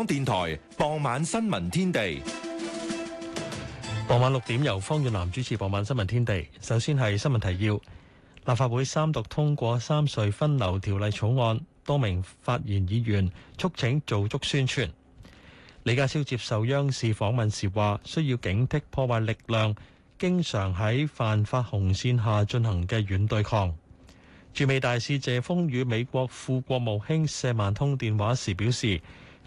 香港電台傍，傍晚新聞天地，傍晚六點由方遠南主持。傍晚新聞天地，首先係新聞提要。立法會三讀通過三隧分流條例草案，多名發言議員促請做足宣傳。李家超接受央視訪問時話，需要警惕破壞力量，經常喺犯法紅線下進行嘅軟對抗。駐美大使謝鋒與美國副國務卿謝萬通電話時表示。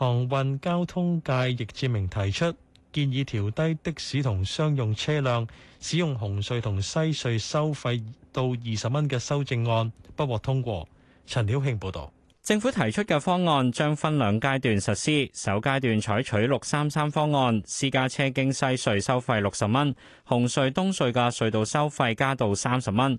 航運交通界易志明提出建議，調低的士同商用車輛使用紅隧同西隧收費到二十蚊嘅修正案，不獲通過。陳曉慶報導，政府提出嘅方案將分兩階段實施，首階段採取六三三方案，私家車經西隧收費六十蚊，紅隧東隧嘅隧道收費加到三十蚊。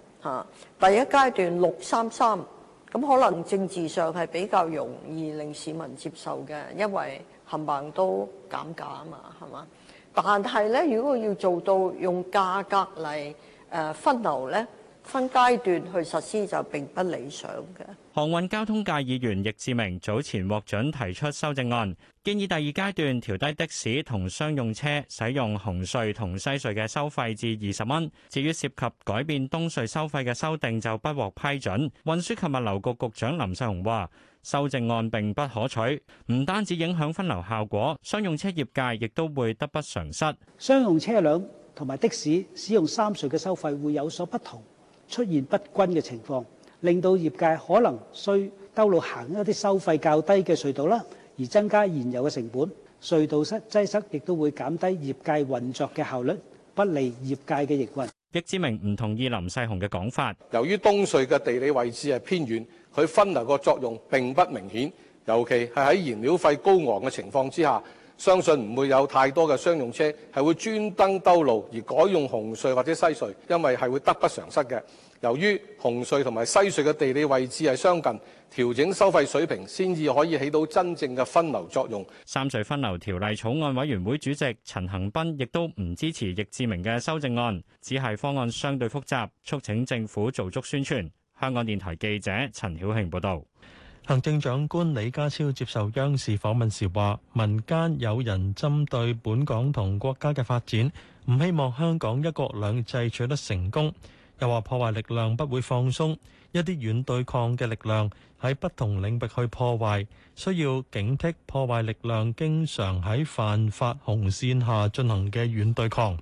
嚇，第一階段六三三咁可能政治上係比較容易令市民接受嘅，因為冚唪唥都減價啊嘛，係嘛？但係咧，如果要做到用價格嚟誒分流咧。分階段去實施就並不理想嘅。航運交通界議員易志明早前獲准提出修正案，建議第二階段調低的士同商用車使用紅隧同西隧嘅收費至二十蚊。至於涉及改變東隧收費嘅修訂就不獲批准。運輸及物流局局長林世雄話：修正案並不可取，唔單止影響分流效果，商用車業界亦都會得不償失。商用車輛同埋的士使用三隧嘅收費會有所不同。出現不均嘅情況，令到業界可能需兜路行一啲收費較低嘅隧道啦，而增加燃油嘅成本。隧道塞擠塞亦都會減低業界運作嘅效率，不利業界嘅營運。易志明唔同意林世雄嘅講法。由於東隧嘅地理位置係偏遠，佢分流嘅作用並不明顯，尤其係喺燃料費高昂嘅情況之下。相信唔會有太多嘅商用車係會專登兜路而改用紅隧或者西隧，因為係會得不償失嘅。由於紅隧同埋西隧嘅地理位置係相近，調整收費水平先至可以起到真正嘅分流作用。三隧分流條例草案委員會主席陳恆斌亦都唔支持易志明嘅修正案，只係方案相對複雜，促請政府做足宣傳。香港電台記者陳曉慶報道。行政長官李家超接受央視訪問時話：民間有人針對本港同國家嘅發展唔希望香港一國兩制取得成功，又話破壞力量不會放鬆，一啲軟對抗嘅力量喺不同領域去破壞，需要警惕破壞力量經常喺犯法紅線下進行嘅軟對抗。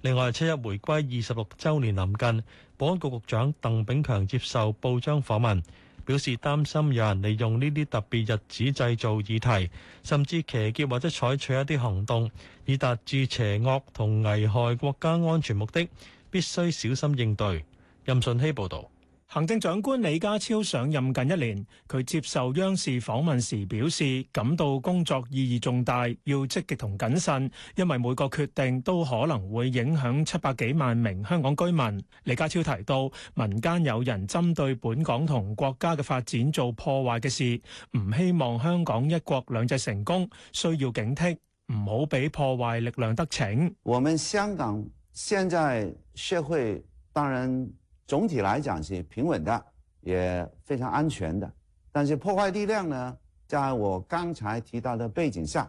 另外，七一回歸二十六週年臨近，保安局局長鄧炳強接受報章訪問。表示擔心有人利用呢啲特別日子製造議題，甚至騎劫或者採取一啲行動，以達至邪惡同危害國家安全目的，必須小心應對。任順希報道。行政長官李家超上任近一年，佢接受央視訪問時表示，感到工作意義重大，要積極同謹慎，因為每個決定都可能會影響七百幾萬名香港居民。李家超提到，民間有人針對本港同國家嘅發展做破壞嘅事，唔希望香港一國兩制成功，需要警惕，唔好俾破壞力量得逞。我們香港現在社會當然。總體來講是平穩的，也非常安全的，但是破壞力量呢，在我剛才提到的背景下，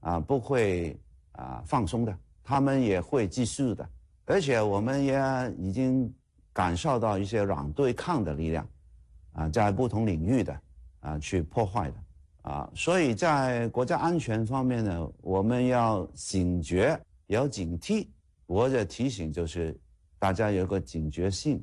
啊、呃，不會啊、呃、放鬆的，他們也會繼續的，而且我們也已經感受到一些軟對抗的力量，啊、呃，在不同領域的，啊、呃、去破壞的，啊、呃，所以在國家安全方面呢，我們要警覺，要警惕。我嘅提醒就是，大家有個警覺性。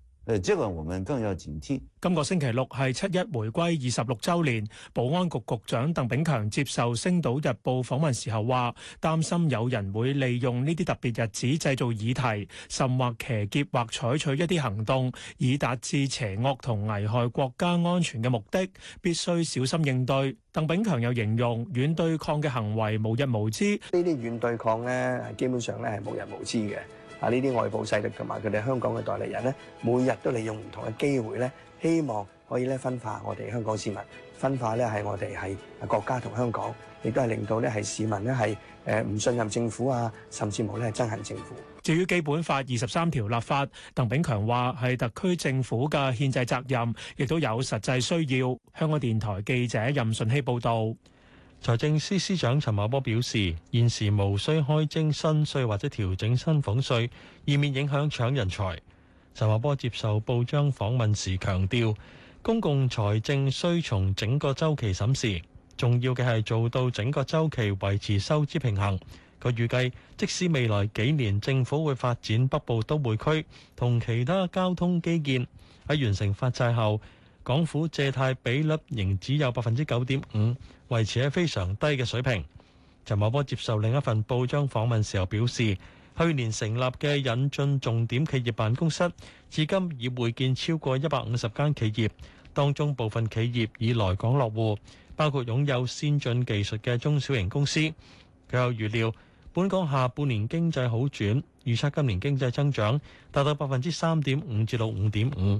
誒，呢個我們更要警惕。今個星期六係七一回歸二十六周年，保安局局長鄧炳強接受《星島日報》訪問時候話，擔心有人會利用呢啲特別日子製造議題，甚或騎劫或採取一啲行動，以達至邪惡同危害國家安全嘅目的，必須小心應對。鄧炳強又形容，軟對抗嘅行為無日無之。呢啲軟對抗呢，基本上咧係無日無之嘅。啊！呢啲外部勢力同埋佢哋香港嘅代理人咧，每日都利用唔同嘅機會咧，希望可以咧分化我哋香港市民，分化咧係我哋係國家同香港，亦都係令到咧係市民咧係誒唔信任政府啊，甚至乎咧係憎恨政府。至於基本法二十三條立法，鄧炳強話係特區政府嘅憲制責任，亦都有實際需要。香港電台記者任順希報導。財政司司長陳茂波表示，現時無需開徵新稅或者調整薪俸稅，以免影響搶人才。陳茂波接受報章訪問時強調，公共財政需從整個週期審視，重要嘅係做到整個週期維持收支平衡。佢預計，即使未來幾年政府會發展北部都會區同其他交通基建，喺完成發債後，港府借貸比率仍只有百分之九點五，維持喺非常低嘅水平。陳茂波接受另一份報章訪問時候表示，去年成立嘅引進重點企業辦公室，至今已會見超過一百五十間企業，當中部分企業已來港落戶，包括擁有先進技術嘅中小型公司。佢又預料，本港下半年經濟好轉，預測今年經濟增長達到百分之三點五至到五點五。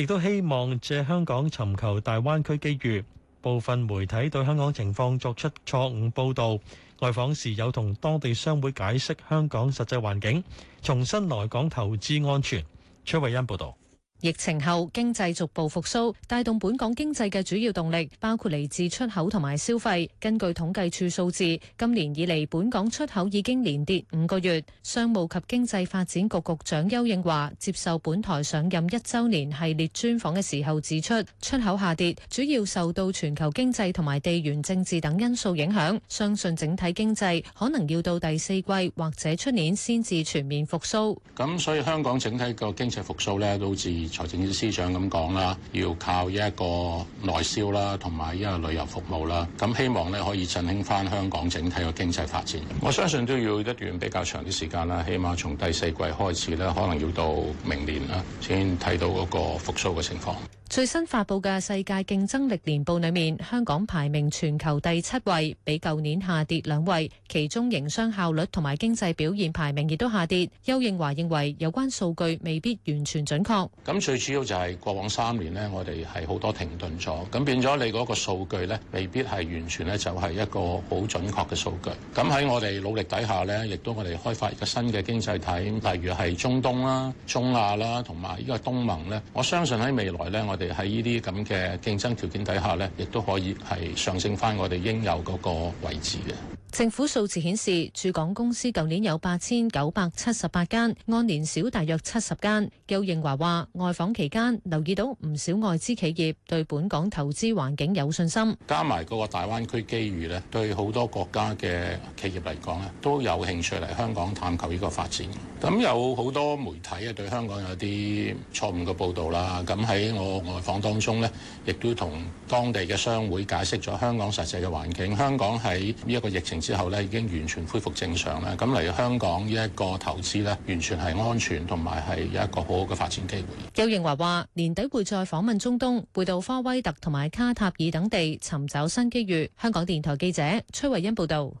亦都希望借香港尋求大灣區機遇，部分媒體對香港情況作出錯誤報導。外訪時有同當地商會解釋香港實際環境，重申來港投資安全。崔慧欣報導。疫情後經濟逐步復甦，帶動本港經濟嘅主要動力包括嚟自出口同埋消費。根據統計處數字，今年以來本港出口已經連跌五個月。商務及經濟發展局局長邱應華接受本台上任一週年系列專訪嘅時候指出，出口下跌主要受到全球經濟同埋地緣政治等因素影響。相信整體經濟可能要到第四季或者出年先至全面復甦。咁所以香港整體個經濟復甦呢，都至。財政司長咁講啦，要靠一個內銷啦，同埋一個旅遊服務啦，咁希望咧可以振興翻香港整體嘅經濟發展。我相信都要一段比較長嘅時間啦，起碼從第四季開始咧，可能要到明年啦，先睇到嗰個復甦嘅情況。最新發布嘅《世界競爭力年報》裏面，香港排名全球第七位，比舊年下跌兩位。其中營商效率同埋經濟表現排名亦都下跌。邱應華認為有關數據未必完全準確。咁最主要就係過往三年呢，我哋係好多停頓咗，咁變咗你嗰個數據呢，未必係完全呢，就係一個好準確嘅數據。咁喺我哋努力底下呢，亦都我哋開發一個新嘅經濟體，例如係中東啦、中亞啦，同埋呢個東盟呢。我相信喺未來呢，我喺呢啲咁嘅競爭條件底下呢，亦都可以係上升返我哋應有嗰個位置嘅。政府數字顯示，駐港公司舊年有八千九百七十八間，按年少大約七十間。丘應樺話：外訪期間留意到唔少外資企業對本港投資環境有信心。加埋嗰個大灣區機遇呢，對好多國家嘅企業嚟講咧，都有興趣嚟香港探求呢個發展。咁有好多媒體啊，對香港有啲錯誤嘅報導啦。咁喺我。外訪當中呢，亦都同當地嘅商會解釋咗香港實際嘅環境。香港喺呢一個疫情之後呢，已經完全恢復正常啦。咁嚟香港呢一個投資呢，完全係安全同埋係有一個好好嘅發展機會。邱瑩華話：年底會再訪問中東，回到科威特同埋卡塔爾等地，尋找新機遇。香港電台記者崔慧恩報道，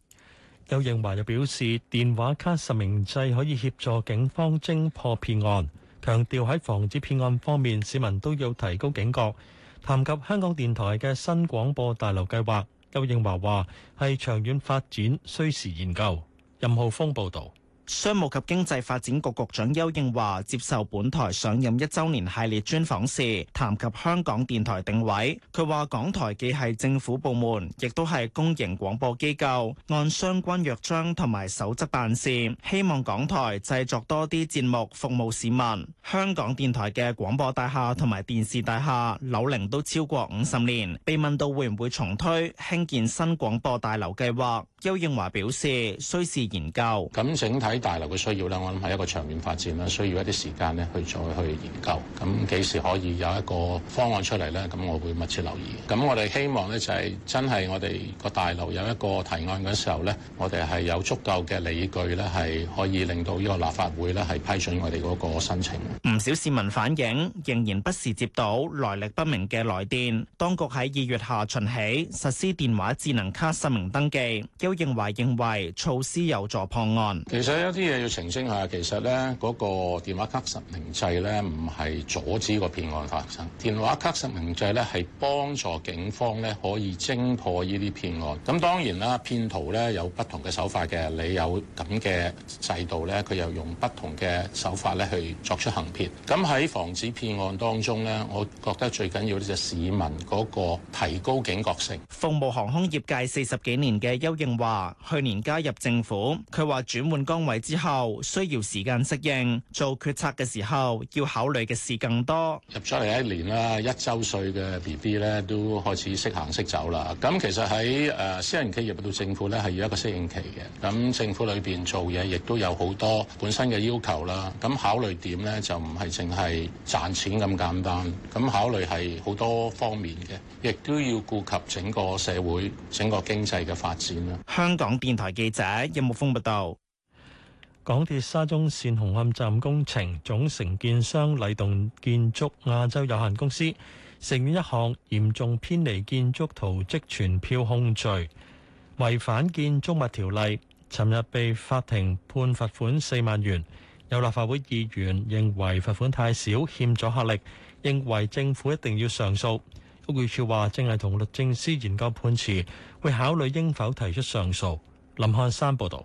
邱瑩華又表示，電話卡實名制可以協助警方偵破騙案。強調喺防止騙案方面，市民都要提高警覺。談及香港電台嘅新廣播大樓計劃，邱應華話係長遠發展，需時研究。任浩峰報導。商務及經濟發展局局長邱應華接受本台上任一周年系列專訪時，談及香港電台定位，佢話港台既係政府部門，亦都係公營廣播機構，按相關約章同埋守則辦事，希望港台製作多啲節目服務市民。香港電台嘅廣播大廈同埋電視大廈樓齡都超過五十年，被問到會唔會重推興建新廣播大樓計劃？邱應華表示，需時研究。咁整體大樓嘅需要咧，我諗係一個長遠發展啦，需要一啲時間咧去再去研究。咁幾時可以有一個方案出嚟咧？咁我會密切留意。咁我哋希望咧就係、是、真係我哋個大樓有一個提案嘅時候咧，我哋係有足夠嘅理據咧，係可以令到呢個立法會咧係批准我哋嗰個申請。唔少市民反映仍然不時接到來歷不明嘅來電，當局喺二月下旬起實施電話智能卡實名登記。都認為認為措施有助破案。其實有啲嘢要澄清下，其實咧嗰個電話卡實名制咧，唔係阻止個騙案發生。電話卡實名制咧，係幫助警方咧可以偵破呢啲騙案。咁當然啦，騙徒咧有不同嘅手法嘅，你有咁嘅制度咧，佢又用不同嘅手法咧去作出行騙。咁喺防止騙案當中咧，我覺得最緊要呢，就市民嗰個提高警覺性。服務航空業界四十幾年嘅邱應。話去年加入政府，佢話轉換崗位之後需要時間適應，做決策嘅時候要考慮嘅事更多。入咗嚟一年啦，一周歲嘅 BB 咧都開始識行識走啦。咁其實喺誒私人企業到政府咧係要一個適應期嘅。咁政府裏邊做嘢亦都有好多本身嘅要求啦。咁考慮點咧就唔係淨係賺錢咁簡單，咁考慮係好多方面嘅，亦都要顧及整個社會、整個經濟嘅發展啦。香港電台記者任木峰報道：港鐵沙中線紅磡站工程總承建商禮頓建築亞洲有限公司，承認一項嚴重偏離建築圖則傳票控罪，違反建築物條例，尋日被法庭判罰款四萬元。有立法會議員認為罰款太少，欠咗客力，認為政府一定要上訴。屋宇署話正係同律政司研究判詞，會考慮應否提出上訴。林漢山報導。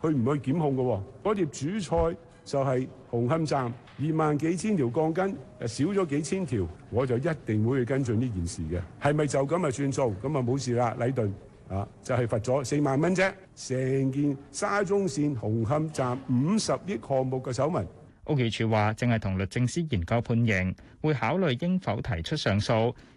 佢唔去檢控嘅，嗰碟主菜就係紅磡站二萬幾千條鋼筋，誒少咗幾千條，我就一定會去跟進呢件事嘅。係咪就咁咪算數？咁咪冇事啦？禮頓啊，就係罰咗四萬蚊啫。成件沙中線紅磡站五十億項目嘅手文，屋宇署話正係同律政司研究判刑，會考慮應否提出上訴。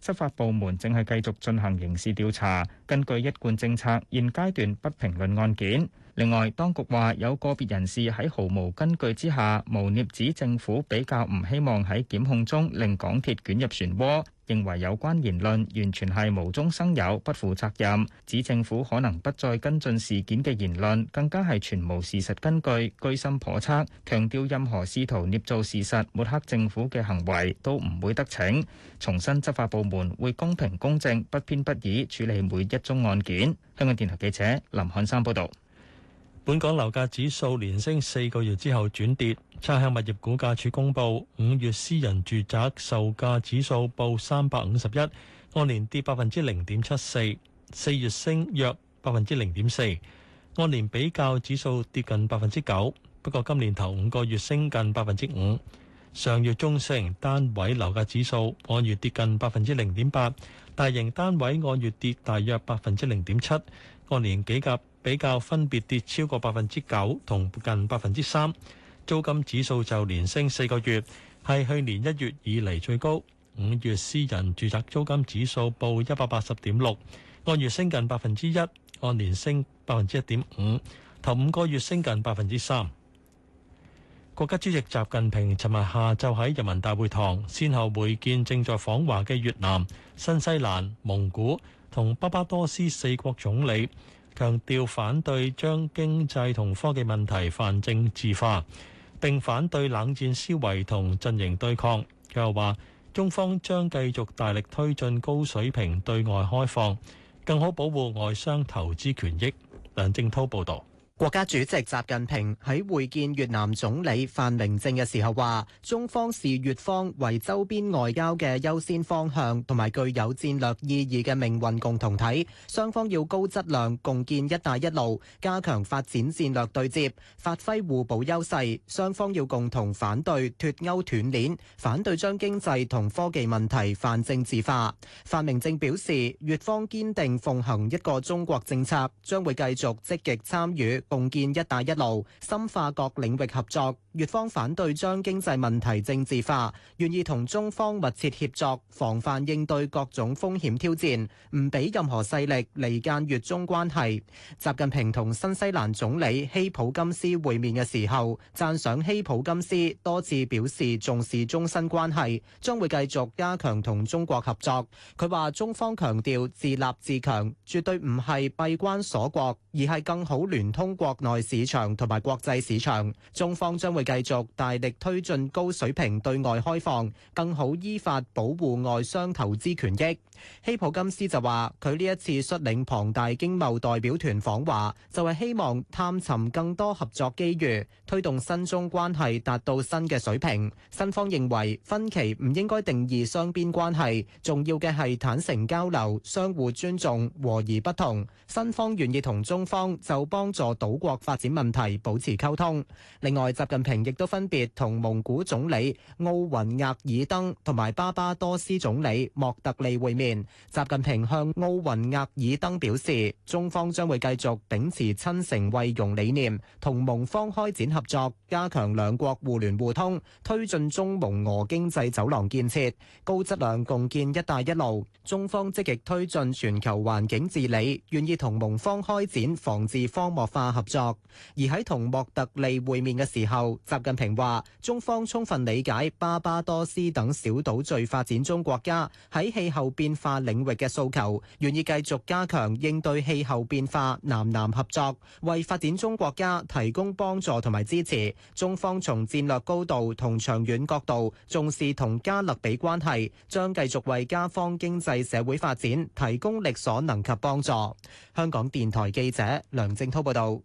執法部門正係繼續進行刑事調查，根據一貫政策，現階段不評論案件。另外，當局話有個別人士喺毫無根據之下，無捏指政府比較唔希望喺檢控中令港鐵捲入漩渦，認為有關言論完全係無中生有，不負責任，指政府可能不再跟進事件嘅言論，更加係全無事實根據，居心叵測，強調任何試圖捏造事實，抹黑政府嘅行為，都唔會得逞。重申執法部門會公平公正、不偏不倚處理每一宗案件。香港電台記者林漢山報道。本港樓價指數連升四個月之後轉跌。差餉物業估價署公佈，五月私人住宅售價指數報三百五十一，按年跌百分之零點七四，四月升約百分之零點四，按年比較指數跌近百分之九。不過今年頭五個月升近百分之五。上月中型單位樓價指數按月跌近百分之零點八，大型單位按月跌大約百分之零點七，按年幾價。比較分別跌超過百分之九同近百分之三，租金指數就連升四個月，係去年一月以嚟最高。五月私人住宅租金指數報一百八十點六，按月升近百分之一，按年升百分之一點五，頭五個月升近百分之三。國家主席習近平尋日下晝喺人民大會堂，先後會見正在訪華嘅越南、新西蘭、蒙古同巴巴多斯四國總理。強調反對將經濟同科技問題泛政治化，並反對冷戰思維同陣營對抗。佢又話，中方將繼續大力推進高水平對外開放，更好保護外商投資權益。梁正滔報導。國家主席習近平喺會見越南總理范明政嘅時候話，中方視越方為周邊外交嘅優先方向同埋具有戰略意義嘅命運共同體，雙方要高質量共建「一帶一路」，加強發展戰略對接，發揮互補優勢。雙方要共同反對脫鈎斷鏈，反對將經濟同科技問題泛政治化。范明政表示，越方堅定奉行一個中國政策，將會繼續積極參與。共建“一帶一路”，深化各領域合作。越方反對將經濟問題政治化，願意同中方密切協作，防範應對各種風險挑戰，唔俾任何勢力離間越中關係。習近平同新西蘭總理希普金斯會面嘅時候，讚賞希普金斯多次表示重視中新關係，將會繼續加強同中國合作。佢話：中方強調自立自強，絕對唔係閉關鎖國，而係更好聯通。國內市場同埋國際市場，中方將會繼續大力推進高水平對外開放，更好依法保護外商投資權益。希普金斯就話：佢呢一次率領龐大經貿代表團訪華，就係希望探尋更多合作機遇，推動新中關係達到新嘅水平。新方認為分歧唔應該定義雙邊關係，重要嘅係坦誠交流，相互尊重，和而不同。新方願意同中方就幫助島國發展問題保持溝通。另外，習近平亦都分別同蒙古總理奧雲額爾登同埋巴巴多斯總理莫特利會面。習近平向奧雲額爾登表示，中方將會繼續秉持親誠惠容理念，同蒙方開展合作，加強兩國互聯互通，推進中蒙俄經濟走廊建設，高質量共建“一帶一路”。中方積極推進全球環境治理，願意同蒙方開展防治荒漠化合作。而喺同莫特利會面嘅時候，習近平話，中方充分理解巴巴多斯等小島嶼發展中國家喺氣候變化領域嘅訴求，願意繼續加強應對氣候變化、南南合作，為發展中國家提供幫助同埋支持。中方從戰略高度同長遠角度重視同加勒比關係，將繼續為加方經濟社會發展提供力所能及幫助。香港電台記者梁正滔報道。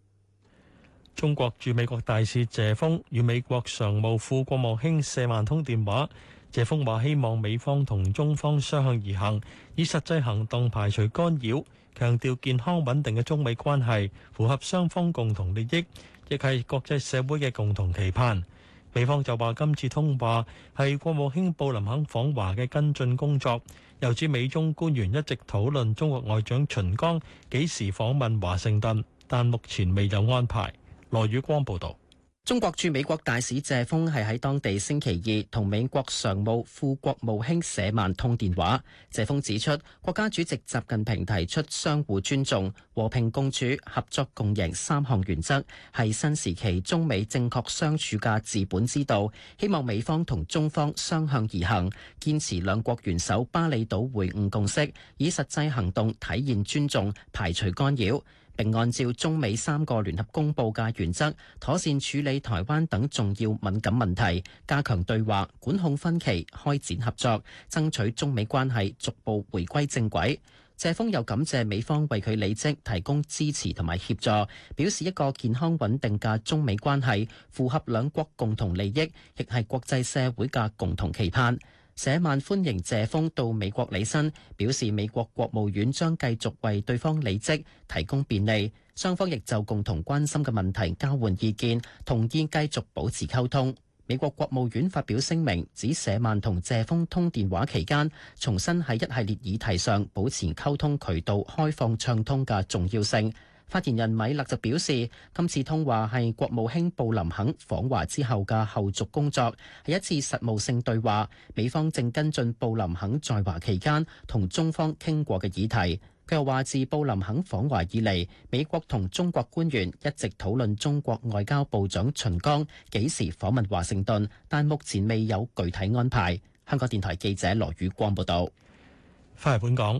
中國駐美國大使謝峰與美國常務副國務卿謝萬通電話。謝峰話：希望美方同中方相向而行，以實際行動排除干擾，強調健康穩定嘅中美關係符合雙方共同利益，亦係國際社會嘅共同期盼。美方就話今次通話係國務卿布林肯訪華嘅跟進工作，又指美中官員一直討論中國外長秦剛幾時訪問華盛頓，但目前未有安排。羅宇光報道。中國駐美國大使謝鋒係喺當地星期二同美國常務副國務卿舍曼通電話。謝鋒指出，國家主席習近平提出相互尊重、和平共處、合作共贏三項原則，係新時期中美正確相處嘅治本之道。希望美方同中方相向而行，堅持兩國元首巴厘島會晤共識，以實際行動體現尊重，排除干擾。並按照中美三個聯合公布嘅原則，妥善處理台灣等重要敏感問題，加強對話，管控分歧，開展合作，爭取中美關係逐步回歸正軌。謝鋒又感謝美方為佢履職提供支持同埋協助，表示一個健康穩定嘅中美關係符合兩國共同利益，亦係國際社會嘅共同期盼。舍曼歡迎謝峰到美國履新，表示美國國務院將繼續為對方履職提供便利。雙方亦就共同關心嘅問題交換意見，同意繼續保持溝通。美國國務院發表聲明，指舍曼同謝峰通電話期間，重申喺一系列議題上保持溝通渠道開放暢通嘅重要性。發言人米勒就表示，今次通話係國務卿布林肯訪華之後嘅後續工作，係一次實務性對話。美方正跟進布林肯在華期間同中方傾過嘅議題。佢又話，自布林肯訪華以嚟，美國同中國官員一直討論中國外交部長秦剛幾時訪問華盛頓，但目前未有具體安排。香港電台記者羅宇光報道。翻嚟本港。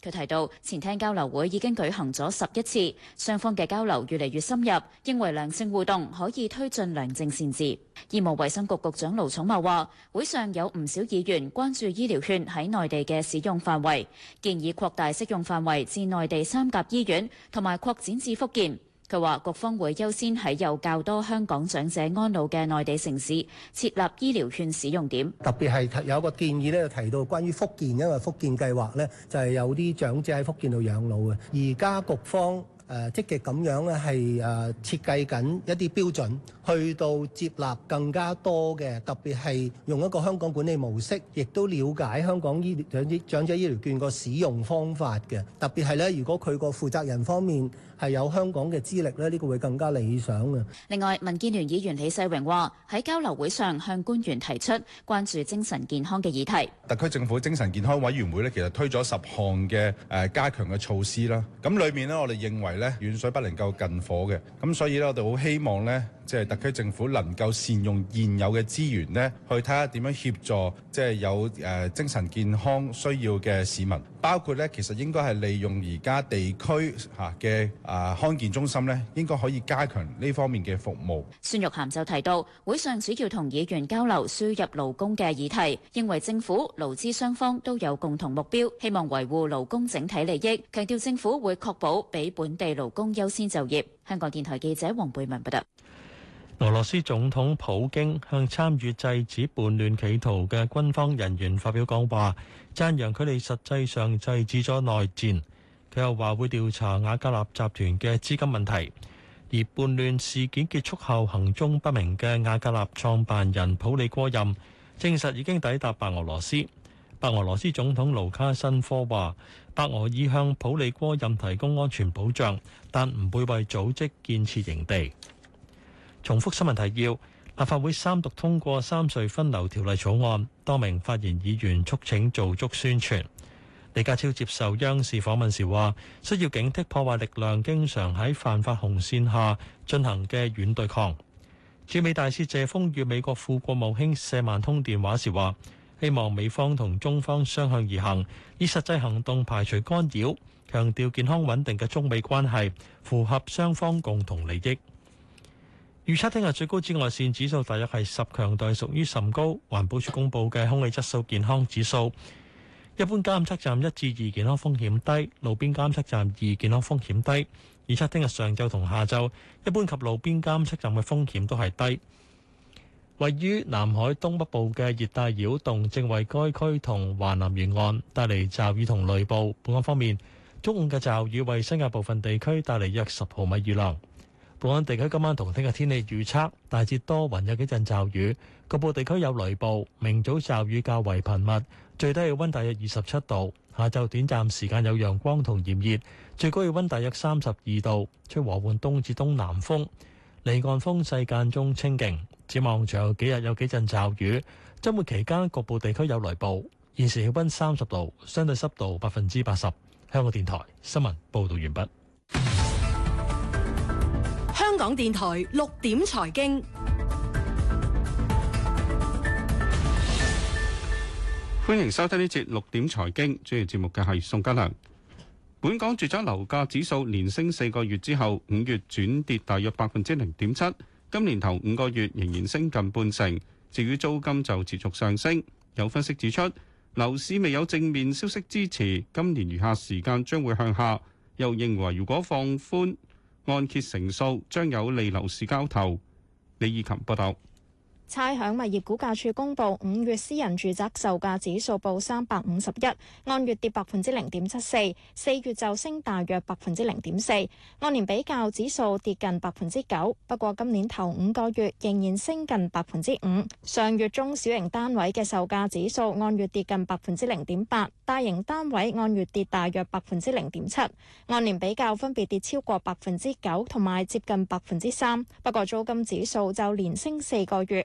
佢提到，前廳交流會已經舉行咗十一次，雙方嘅交流越嚟越深入，認為良性互動可以推進良性善治。醫務衛生局局長盧寵茂話，會上有唔少議員關注醫療券喺內地嘅使用範圍，建議擴大適用範圍至內地三甲醫院，同埋擴展至福建。佢話：局方會優先喺有較多香港長者安老嘅內地城市設立醫療券使用點，特別係有個建議咧，提到關於福建，因為福建計劃咧就係有啲長者喺福建度養老嘅，而家局方。誒積極咁樣咧，係誒設計緊一啲標準，去到接納更加多嘅，特別係用一個香港管理模式，亦都了解香港醫療長者醫療券個使用方法嘅。特別係咧，如果佢個負責人方面係有香港嘅資歷咧，呢個會更加理想嘅。另外，民建聯議員李世榮話喺交流會上向官員提出關注精神健康嘅議題。特區政府精神健康委員會呢，其實推咗十項嘅誒加強嘅措施啦。咁裏面呢，我哋認為。咧遠水不能救近火嘅，咁所以我哋好希望即係特區政府能夠善用現有嘅資源咧，去睇下點樣協助即係、就是、有誒精神健康需要嘅市民，包括咧。其實應該，係利用而家地區吓嘅啊康健中心咧，應該可以加強呢方面嘅服務。孫玉涵就提到，會上主要同議員交流輸入勞工嘅議題，認為政府勞資雙方都有共同目標，希望維護勞工整體利益，強調政府會確保俾本地勞工優先就業。香港電台記者黃貝文報道。俄羅斯總統普京向參與制止叛亂企圖嘅軍方人員發表講話，讚揚佢哋實際上制止咗內戰。佢又話會調查瓦格納集團嘅資金問題。而叛亂事件結束後行蹤不明嘅瓦格納創辦人普利戈任，證實已經抵達白俄羅斯。白俄羅斯總統盧卡申科話：白俄已向普利戈任提供安全保障，但唔會為組織建設營地。重複新聞提要：立法會三讀通過《三隧分流條例草案》，多名發言議員促請做足宣傳。李家超接受央視訪問時話：需要警惕破壞力量，經常喺犯法紅線下進行嘅軟對抗。駐美大使謝鋒與美國副國務卿謝萬通電話時話：希望美方同中方相向而行，以實際行動排除干擾，強調健康穩定嘅中美關係符合雙方共同利益。預測聽日最高紫外線指數大約係十，強度屬於甚高。環保署公佈嘅空氣質素健康指數，一般監測站一至二健康風險低，路邊監測站二健康風險低。預測聽日上晝同下晝，一般及路邊監測站嘅風險都係低。位於南海東北部嘅熱帶擾動，正為該區同華南沿岸帶嚟驟雨同雷暴。本港方面，中午嘅驟雨為新界部分地區帶嚟約十毫米雨量。本港地區今晚同聽日天氣預測，大致多雲有幾陣驟雨，局部地區有雷暴。明早驟雨較為頻密，最低氣溫大約二十七度。下晝短暫時間有陽光同炎熱，最高氣溫大約三十二度。吹和緩東至東南風，離岸風勢間中清勁，展望仲有幾日有幾陣驟雨，周末期間局部地區有雷暴。現時氣溫三十度，相對濕度百分之八十。香港電台新聞報道完畢。港電台六點財經，歡迎收聽呢節六點財經，主持節目嘅係宋家良。本港住宅樓價指數連升四個月之後，五月轉跌大約百分之零點七，今年頭五個月仍然升近半成。至於租金就持續上升，有分析指出，樓市未有正面消息支持，今年餘下時間將會向下。又認為如果放寬按揭成數將有利樓市交投，李義琴報道。差響物業估價處公佈，五月私人住宅售價指數報三百五十一，按月跌百分之零點七四，四月就升大約百分之零點四，按年比較指數跌近百分之九。不過今年頭五個月仍然升近百分之五。上月中小型單位嘅售價指數按月跌近百分之零點八，大型單位按月跌大約百分之零點七，按年比較分別跌超過百分之九同埋接近百分之三。不過租金指數就連升四個月。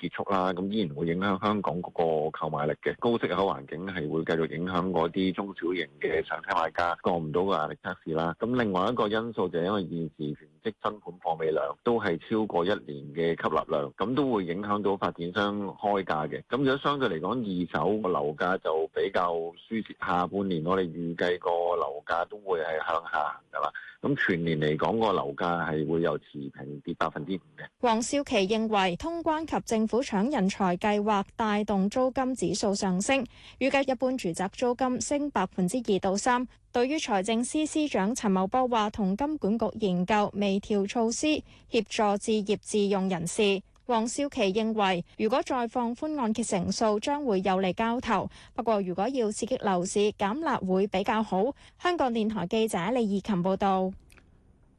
結束啦，咁依然會影響香港嗰個購買力嘅高息口環境係會繼續影響嗰啲中小型嘅上車買家過唔到壓力測試啦。咁另外一個因素就係因為現時全積新盤貨尾量都係超過一年嘅吸納量，咁都會影響到發展商開價嘅。咁如果相對嚟講，二手樓價就比較舒適，下半年我哋預計個樓價都會係向下行㗎啦。咁全年嚟講，個樓價係會有持平跌百分之五嘅。黃少琪認為通關及政府搶人才計劃帶動租金指數上升，預計一般住宅租金升百分之二到三。對於財政司司，司長陳茂波話，同金管局研究微調措施，協助置業自用人士。黃少琪認為，如果再放寬按揭成數，將會有利交投。不過，如果要刺激樓市，減辣會比較好。香港電台記者李義琴報道。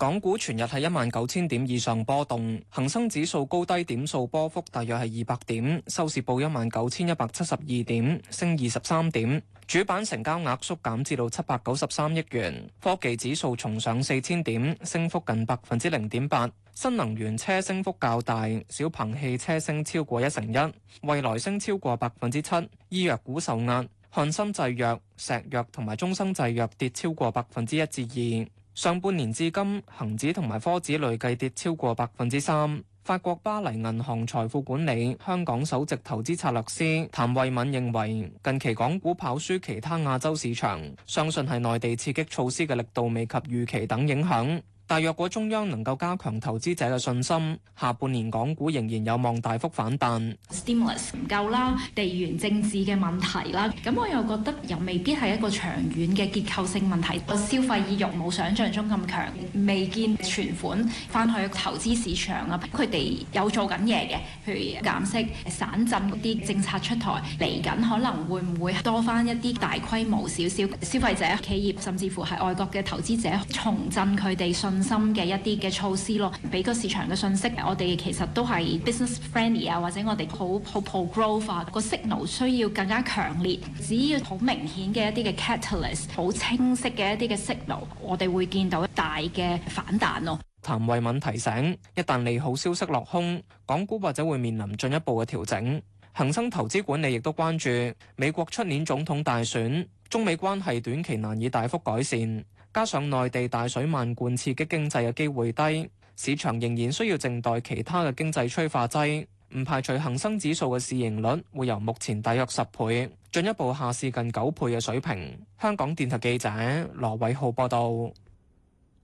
港股全日喺一萬九千點以上波動，恆生指數高低點數波幅大約係二百點，收市報一萬九千一百七十二點，升二十三點。主板成交額縮減至到七百九十三億元。科技指數重上四千點，升幅近百分之零點八。新能源車升幅較大，小鵬汽車升超過一成一，蔚來升超過百分之七。醫藥股受壓，翰森製藥、石藥同埋中生製藥跌超過百分之一至二。上半年至今，恒指同埋科指累計跌跌超過百分之三。法國巴黎銀行財富管理香港首席投資策略師譚慧敏認為，近期港股跑輸其他亞洲市場，相信係內地刺激措施嘅力度未及預期等影響。但若果中央能夠加強投資者嘅信心，下半年港股仍然有望大幅反彈。Stimulus 唔夠啦，地緣政治嘅問題啦，咁我又覺得又未必係一個長遠嘅結構性問題。個消費意欲冇想象中咁強，未見存款翻去投資市場啊。佢哋有做緊嘢嘅，譬如減息、省鎮嗰啲政策出台，嚟緊可能會唔會多翻一啲大規模少少消費者、企業，甚至乎係外國嘅投資者重振佢哋信心嘅一啲嘅措施咯，俾個市場嘅信息，我哋其實都係 business friendly 啊，或者我哋好 pro-growth 個 signal 需要更加強烈，只要好明顯嘅一啲嘅 catalyst，好清晰嘅一啲嘅 signal，我哋會見到大嘅反彈咯。譚慧敏提醒，一旦利好消息落空，港股或者會面臨進一步嘅調整。恒生投資管理亦都關注美國出年總統大選，中美關係短期難以大幅改善。加上內地大水漫灌刺激經濟嘅機會低，市場仍然需要靜待其他嘅經濟催化劑。唔排除恒生指數嘅市盈率會由目前大約十倍進一步下試近九倍嘅水平。香港電台記者羅偉浩報道，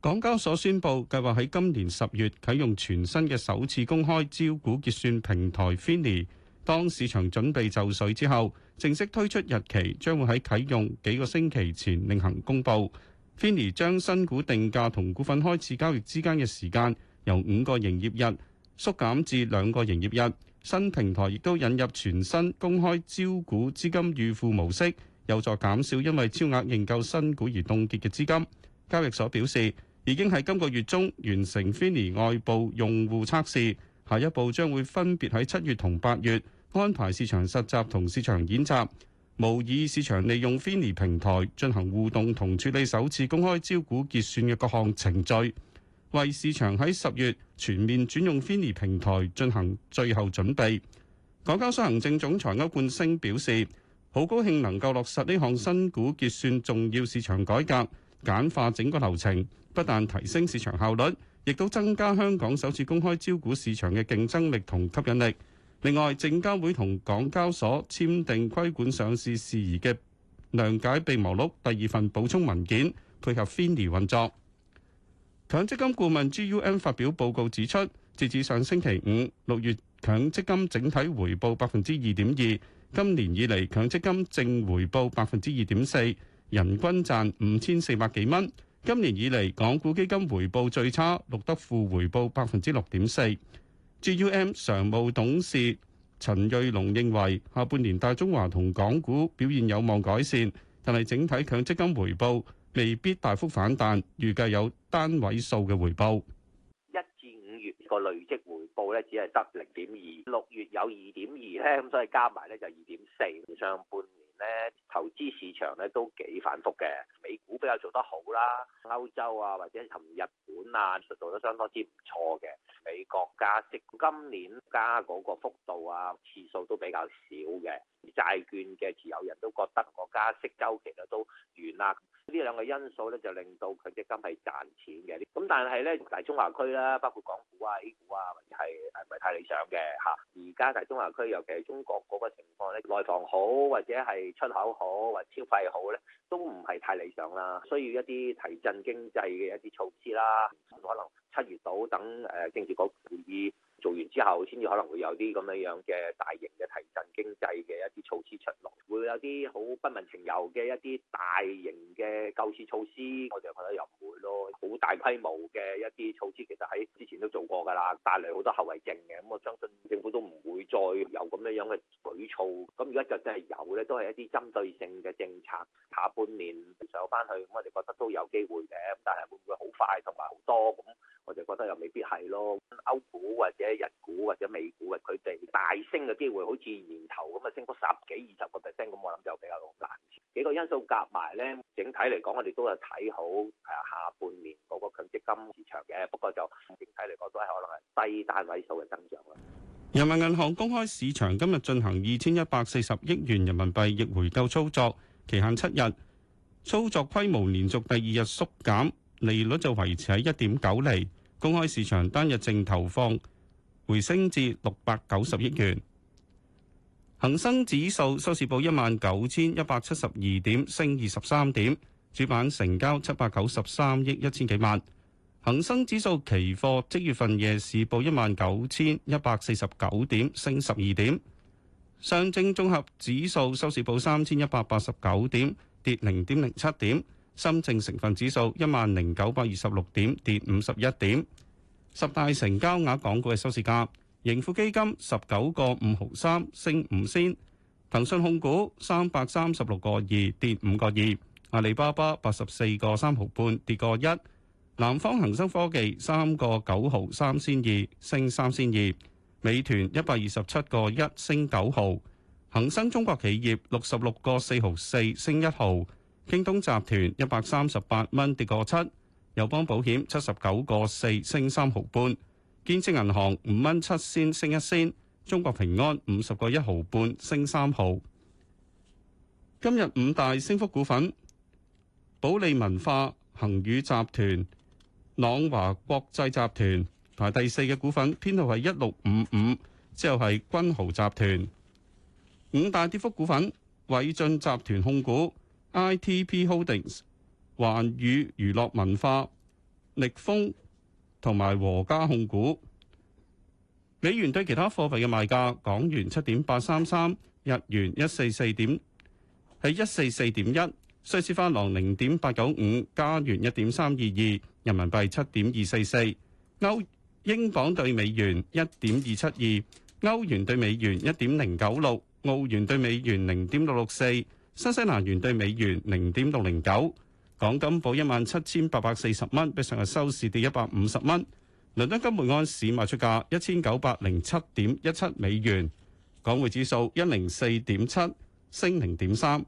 港交所宣布計劃喺今年十月啟用全新嘅首次公開招股結算平台 FINI。當市場準備就緒之後，正式推出日期將會喺啟用幾個星期前另行公佈。FINI 將新股定價同股份開始交易之間嘅時間由五個營業日縮減至兩個營業日。新平台亦都引入全新公開招股資金預付模式，有助減少因為超額認購新股而凍結嘅資金。交易所表示，已經喺今個月中完成 FINI 外部用戶測試，下一步將會分別喺七月同八月安排市場實習同市場演習。模擬市場利用 FINI 平臺進行互動同處理首次公開招股結算嘅各項程序，為市場喺十月全面轉用 FINI 平臺進行最後準備。港交所行政總裁歐冠昇表示，好高興能夠落實呢項新股結算重要市場改革，簡化整個流程，不但提升市場效率，亦都增加香港首次公開招股市場嘅競爭力同吸引力。另外，證監會同港交所簽訂規管上市事宜嘅諒解備忘錄第二份補充文件，配合 Fini 運作。強積金顧問 GUM 發表報告指出，截至上星期五六月，強積金整體回報百分之二點二，今年以嚟強積金正回報百分之二點四，人均賺五千四百幾蚊。今年以嚟，港股基金回報最差，錄得負回報百分之六點四。GUM 常務董事陳瑞龍認為，下半年大中華同港股表現有望改善，但係整體強積金回報未必大幅反彈，預計有單位數嘅回報。一至五月個累積回報咧，只係得零點二，六月有二點二咧，咁所以加埋咧就二點四，上半年。咧投資市場咧都幾反覆嘅，美股比較做得好啦，歐洲啊或者同日本啊，其實做得相當之唔錯嘅。美國加息今年加嗰個幅度啊次數都比較少嘅，債券嘅持有人都覺得個加息週期咧都完啦。呢兩個因素咧就令到強積金係賺錢嘅，咁但係咧大中華區啦、啊，包括港股啊 A 股啊，或者係係唔係太理想嘅嚇。而、啊、家大中華區，尤其係中國嗰個情況咧，內房好或者係。出口好或消費好咧，都唔係太理想啦，需要一啲提振經濟嘅一啲措施啦。可能七月到等誒政治局會議。做完之後，先至可能會有啲咁樣樣嘅大型嘅提振經濟嘅一啲措施出嚟，會，會有啲好不問情由嘅一啲大型嘅救市措施，我就覺得又唔會咯。好大規模嘅一啲措施，其實喺之前都做過㗎啦，帶嚟好多後遺症嘅。咁我相信政府都唔會再有咁樣樣嘅舉措。咁而家就真係有咧，都係一啲針對性嘅政策。下半年上返去，咁我哋覺得都有機會嘅。咁但係會唔會好快同埋好多咁？我哋覺得又未必係咯。歐股或者～日股或者美股嘅，佢哋大升嘅機會，好似年頭咁啊，升咗十幾二十個 percent 咁，我諗就比較難。幾個因素夾埋咧，整體嚟講，我哋都係睇好誒下半年嗰個強積金市場嘅。不過就整體嚟講，都係可能係低單位數嘅增長啦。人民銀行公開市場今日進行二千一百四十億元人民幣逆回購操作，期限七日，操作規模連續第二日縮減，利率就維持喺一點九釐。公開市場單日淨投放回升至六百九十億元。恒生指數收市報一萬九千一百七十二點，升二十三點。主板成交七百九十三億一千幾萬。恒生指數期貨即月份夜市報一萬九千一百四十九點，升十二點。上證綜合指數收市報三千一百八十九點，跌零點零七點。深證成分指數一萬零九百二十六點，跌五十一點。十大成交額港股嘅收市價，盈富基金十九個五毫三升五仙，騰訊控股三百三十六個二跌五個二，阿里巴巴八十四個三毫半跌個一，南方恒生科技三個九毫三仙二升三仙二，美團一百二十七個一升九毫，恒生中國企業六十六個四毫四升一毫，京東集團一百三十八蚊跌個七。友邦保險七十九個四升三毫半，建設銀行五蚊七仙升一仙，中國平安五十個一毫半升三毫。今日五大升幅股份：保利文化、恒宇集團、朗華國際集團，排第四嘅股份編號係一六五五，之後係君豪集團。五大跌幅股份：偉進集團控股、ITP Holdings。環宇娛樂文化、力豐同埋和家控股。美元對其他貨幣嘅賣價：港元七點八三三，日元一四四點，係一四四點一；瑞士法郎零點八九五，加元一點三二二，人民幣七點二四四；歐英鎊對美元一點二七二，歐元對美元一點零九六，澳元對美元零點六六四，新西蘭元對美元零點六零九。港金報一萬七千八百四十蚊，比上日收市跌一百五十蚊。倫敦金每盎司賣出價一千九百零七點一七美元，港匯指數一零四點七升零點三。